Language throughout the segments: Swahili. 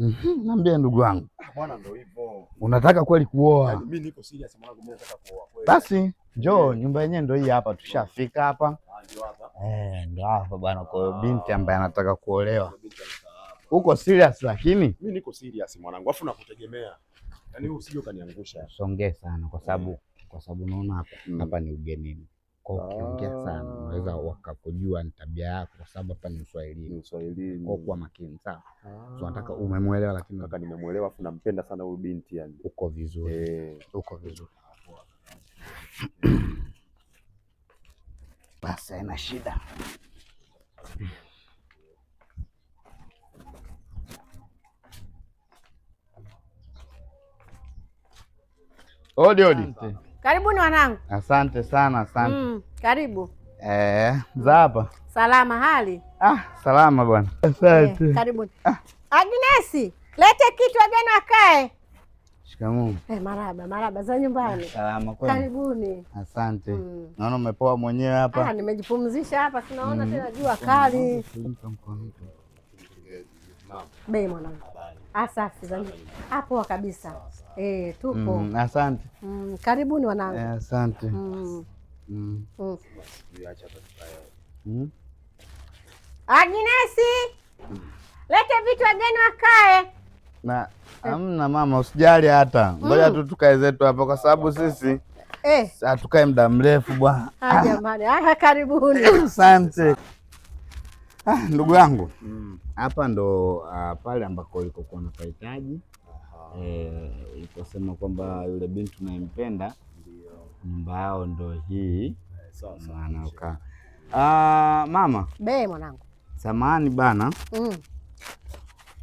Mm -hmm. Naambia ndugu wangu, ah, unataka kweli kuoa? Mimi yaani mimi niko nataka kuoa kweli. Basi njoo, eh. nyumba yenyewe ndio hii hapa, tushafika hapa ah, eh, ndio hapa bwana. Kwa hiyo ah. binti ambaye anataka kuolewa, uko serious? Lakini mimi niko serious mwanangu, afu nakutegemea, yani usije ukaniangusha. Songee sana kwa sababu eh. kwa sababu naona hapa mm. hapa ni ugenini kwa ukiongea sana unaweza ah. wakakujua ni tabia yako, kwa sababu hapa ni Uswahilini. Uswahilini kwa kuwa makini sawa. So nataka ah. umemwelewa, lakini nataka nimemuelewa, afu nampenda sana huyu binti yani. Uko vizuri eh, uko vizuri basi, haina shida. Odi, odi. Karibuni wanangu. Asante sana, asante. Mm, karibu. Eh, za hapa. Salama hali? Ah, salama bwana. Asante. Eh, karibuni. Ah. Agnesi, lete kitu wageni wakae. Shikamoo. Eh, maraba, maraba za nyumbani. Salama kwa. Karibuni. Asante. Mm. Naona umepoa mwenyewe hapa. Ah, nimejipumzisha hapa, tunaona mm. tena jua kali. Bei mwanangu. Asafi ah, za. Hapo ah, kabisa. E, tupo mm, asante mm, karibuni wanangu e, asante mm. Mm. Mm. Agnesi mm. Lete vitu wageni wakae na amna mama, usijali hata ngoja mm. tu tukae zetu hapa kwa sababu eh. sisi eh, hatukae muda mrefu bwana. Ah, jamani, haya ah, ah, karibuni. Asante ndugu yangu mm. hapa mm. ndo uh, pale ambako ulikokuwa unapahitaji e, eh, ikosema kwamba yule binti unayempenda nyumba yao ndo hii eh, anaokaa. Ah, mama be mwanangu, samahani bana, mm.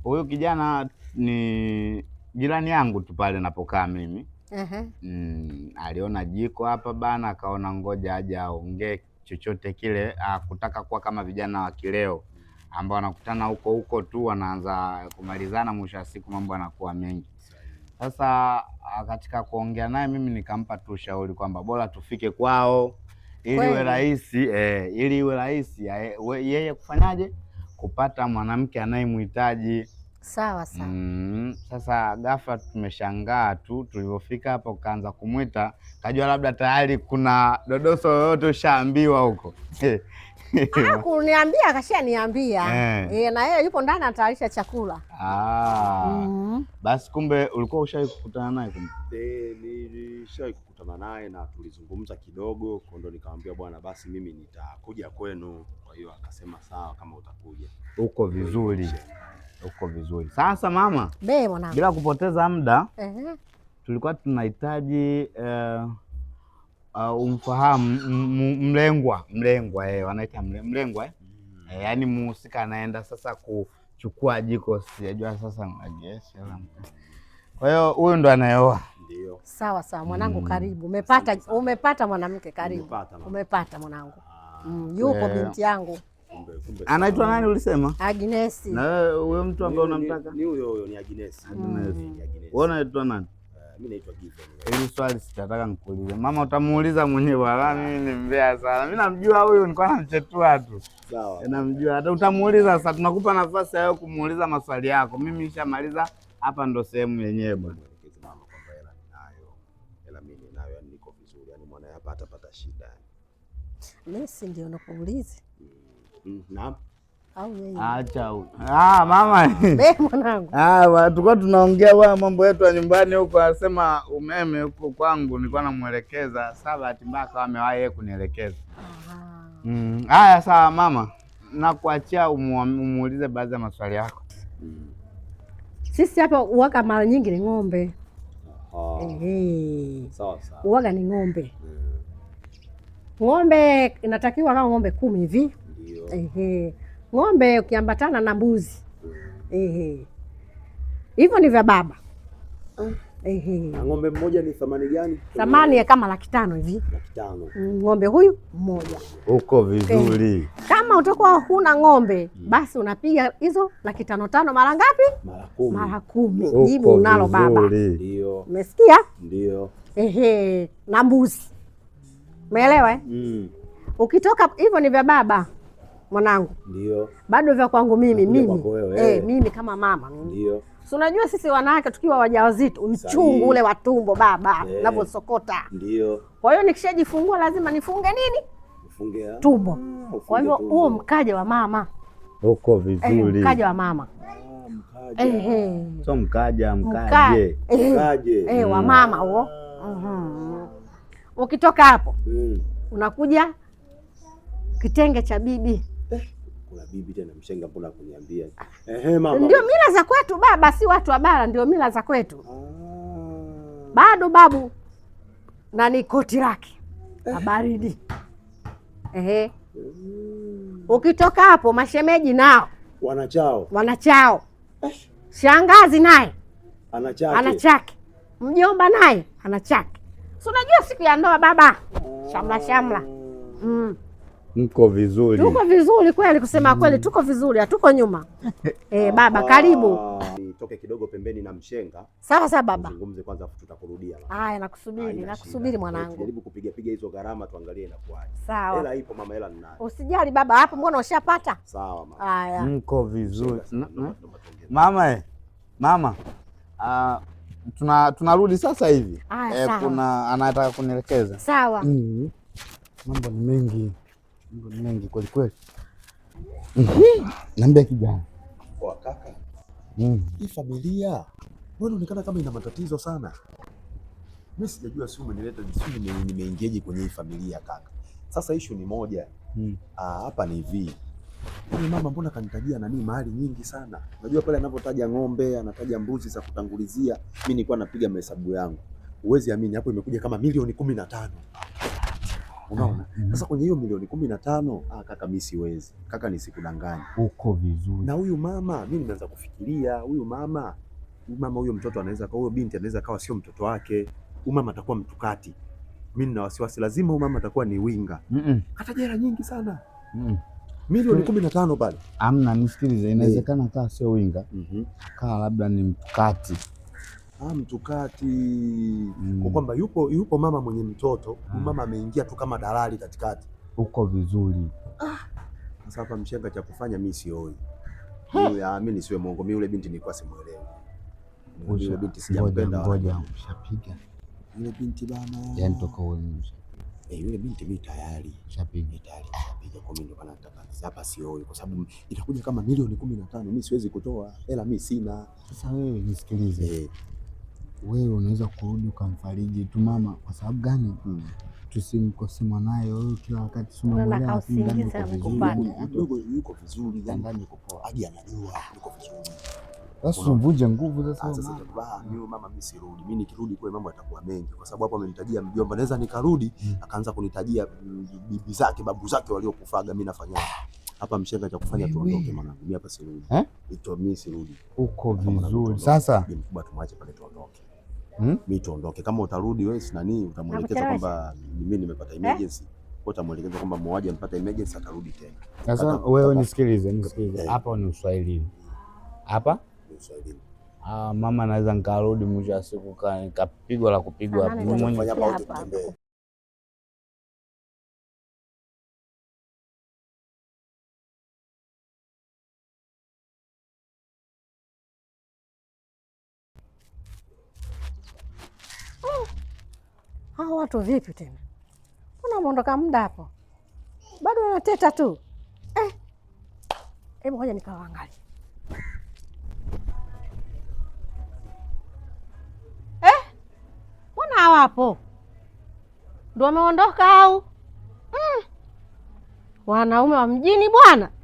huyu mm. kijana ni jirani yangu tu pale napokaa mimi uh -huh. mm, aliona jiko hapa bana, akaona ngoja aje aongee chochote kile, akutaka kuwa kama vijana wa kileo ambao wanakutana huko huko tu wanaanza kumalizana, mwisho wa siku mambo yanakuwa mengi. Sasa ah, katika kuongea naye mimi nikampa tu ushauri kwamba bora tufike kwao ili iwe rahisi eh, ili iwe rahisi eh, yeye kufanyaje kupata mwanamke anayemhitaji. Sawa sawa. Mm, sasa ghafla tumeshangaa tu tulivyofika hapo, kaanza kumwita, kajua labda tayari kuna dodoso yoyote ushaambiwa huko Ah, kuniambia kashaniambia eh. E, na yeye yupo ndani anatayarisha chakula ah. mm -hmm. Basi kumbe ulikuwa ushawahi kukutana naye? Kumbe eh, nilishawahi kukutana naye na tulizungumza kidogo, ndo nikamwambia bwana, basi mimi nitakuja kwenu. Kwa hiyo akasema sawa, kama utakuja. Uko vizuri? Uko vizuri. Sasa mama, be mwanangu, bila kupoteza muda uh -huh. tulikuwa tunahitaji uh, uh, umfahamu mlengwa mlengwa eh, wanaita mlengwa eh? Mm. Eh, yani muhusika anaenda sasa kuchukua jiko, sijajua sasa. Mm. Kwa hiyo huyu ndo anayeoa. Sawa sawa mwanangu, mm. Karibu umepata, umepata mwanamke, karibu umepata, mwanangu. Ah. Mm, yupo yeah. Binti yangu anaitwa nani ulisema? Agnes. Na wewe huyo mtu ambaye unamtaka ni huyo huyo, ni Agnes. Mm. Agnes. Wewe unaitwa nani? mimi naitwa Given. Hili swali sitataka nikuulize. Mama utamuuliza mwenyewe wala mimi ni mbea sana. Mimi namjua huyu nilikuwa namchetua tu. Sawa. Eh, namjua. Hata utamuuliza sasa tunakupa nafasi ya kumuuliza maswali yako. Mimi nishamaliza hapa ndo sehemu yenyewe bwana. mama kwamba hela Hela ninayo. ninayo mimi Mimi yani niko vizuri. Yaani hapa atapata shida. si Ndio nakuuliza. Mm, mm, naam. Acha ah, mama ah, tulikuwa tunaongea wa mambo yetu ya nyumbani huko, asema umeme huko kwangu, nilikuwa namwelekeza saa, bahati amewahi yeye kunielekeza. Mm, sawa mama, nakuachia umuulize baadhi ya maswali yako. Sisi hapa uwaga mara nyingi ni ng'ombe. Sawa sawa. Uwaga ni ng'ombe. Mm. Ng'ombe inatakiwa kama ng'ombe kumi hivi. Ehe ng'ombe ukiambatana na mbuzi hivyo ni vya baba. Ah. Ehe. Na ng'ombe mmoja ni thamani gani? Thamani ya kama laki tano hivi. Laki tano. Mm, ng'ombe huyu mmoja. Uko vizuri. Eh. Kama utakuwa huna ng'ombe mm. basi unapiga hizo laki tano tano mara ngapi? Mara kumi. Mara kumi. Jibu unalo baba. Ndio. Umesikia? Ndio. Ehe, na mbuzi. Umeelewa eh? Mm. Ukitoka hivyo ni vya baba mwanangu, ndio bado vya kwangu mimi mimi eh, mimi kama mama ndio. Si unajua sisi wanawake tukiwa wajawazito uchungu ule wa tumbo baba eh. navyosokota ndio. Kwa hiyo nikishajifungua lazima nifunge nini, nifunge tumbo. Ah, Kwa hivyo huo mkaja wa mama uko eh, vizuri, mkaja wa mama so mkaja mkaje mkaje wa mama huo. Ukitoka hapo mm. unakuja kitenge cha bibi kuna bibi tena mshenga, mbona kuniambia? Ah. Ehe mama, ndio mila za kwetu baba, si watu wa bara, ndio mila za kwetu. Ah. Bado babu na ni koti lake abaridi. Ehe, mm. ukitoka hapo mashemeji nao wanachao, wanachao. Eh. Shangazi naye anachake, anachake. Mjomba naye anachake. Si unajua siku ya ndoa baba, ah. shamla shamla mm. Mko vizuri? Tuko vizuri kweli, kusema mm. kweli tuko vizuri, hatuko nyuma e, baba karibu. Ah, nitoke kidogo pembeni na mshenga. Sawa sawa baba, tuzungumze kwanza, tutakurudia. Haya, nakusubiri, nakusubiri mwanangu. Jaribu kupiga piga hizo gharama, tuangalie inakuwaje. Sawa, hela ipo mama, hela ninayo. Usijali baba, hapo mbona ushapata. Sawa mama. Haya, mko vizuri mama eh, mama uh, tuna tunarudi sasa hivi. Aya, eh, kuna anataka kunielekeza. Sawa. mm. mambo ni mengi Mambo ni mengi kweli kweli. Mm-hmm. Naambia kijana kwa kaka, mm. hii familia inaonekana kama ina matatizo sana. Mimi sijajua, si umenileta, ni nimeingiaje kwenye hii familia kaka. Sasa ishu ni moja mm. ah, hapa Ni hivi ni mama, mbona kanitajia nani mahali nyingi sana? Unajua pale anapotaja ng'ombe, anataja mbuzi za kutangulizia, mimi nilikuwa napiga mahesabu yangu, huwezi amini, hapo imekuja kama milioni kumi na tano unaona ah, mm. Sasa kwenye hiyo milioni kumi na tano ah, kaka mimi siwezi kaka, ni sikudanganya uko vizuri. Na huyu mama mimi nimeanza kufikiria huyu mama mama huyo mtoto anaweza huyo binti anaweza kawa sio mtoto wake, huyu mama atakuwa mtukati. Mimi nina wasiwasi, lazima huyu mama atakuwa ni winga mm -mm. Hata jera nyingi sana mm. Milioni kumi na tano pale amna, nisikilize, inawezekana eh. kaa sio winga mm -hmm. Kaa labda ni mtukati ah, mtukati mm. kwa kwamba yupo yupo mama mwenye mtoto ah. mama ameingia tu kama dalali katikati uko vizuri ah. sasa hapa mshenga cha kufanya mimi sioi ah, mimi nisiwe mwongo mimi yule binti nilikuwa simuelewi yule binti sijampenda ngoja ushapiga yule binti bana yani toka uanze Eh, yule binti mimi tayari shapiga tayari shapiga kwa mimi ndo kana nataka hapa sioi kwa sababu itakuja kama milioni kumi na tano mimi siwezi kutoa hela mimi sina sasa wewe nisikilize eh wewe unaweza kurudi ukamfariji tu mama. Kwa sababu gani? mm. Tusimkose wewe kila wakati, yuko vizuri ndani, yuko poa, hadi anajua yuko vizuri. Sasa vunja nguvu sasa. Ah, mama, Mama, mimi sirudi. Mimi nikirudi kule mambo yatakuwa mengi, kwa sababu hapo amenitajia mjomba, naweza nikarudi mm. akaanza kunitajia bibi zake, babu zake waliokufaga. Mimi nafanya hapa mshenga cha kufanya tuondoke, maana mimi hapa sirudi. Eh? Ito Mimi sirudi. Uko vizuri sasa, mkubwa tumwache pale tuondoke hmm? mimi tuondoke. Kama utarudi wewe nani, utamwelekeza kwamba mimi nimepata eh? emergency eh? Utamwelekeza kwamba mwaje amepata emergency, atarudi tena. Sasa wewe nisikilize, nisikilize eh. hapa Ni uswahilini hapa Ah, mama naweza nikarudi mwisho wa siku kapigwa la kupigwa hawa watu vipi tena? Mbona umeondoka muda hapo, bado wanateta tu eh? Hebu ngoja nikawaangalia eh? Mbona hawapo? Ndio wameondoka au? Mm. Wanaume wa mjini bwana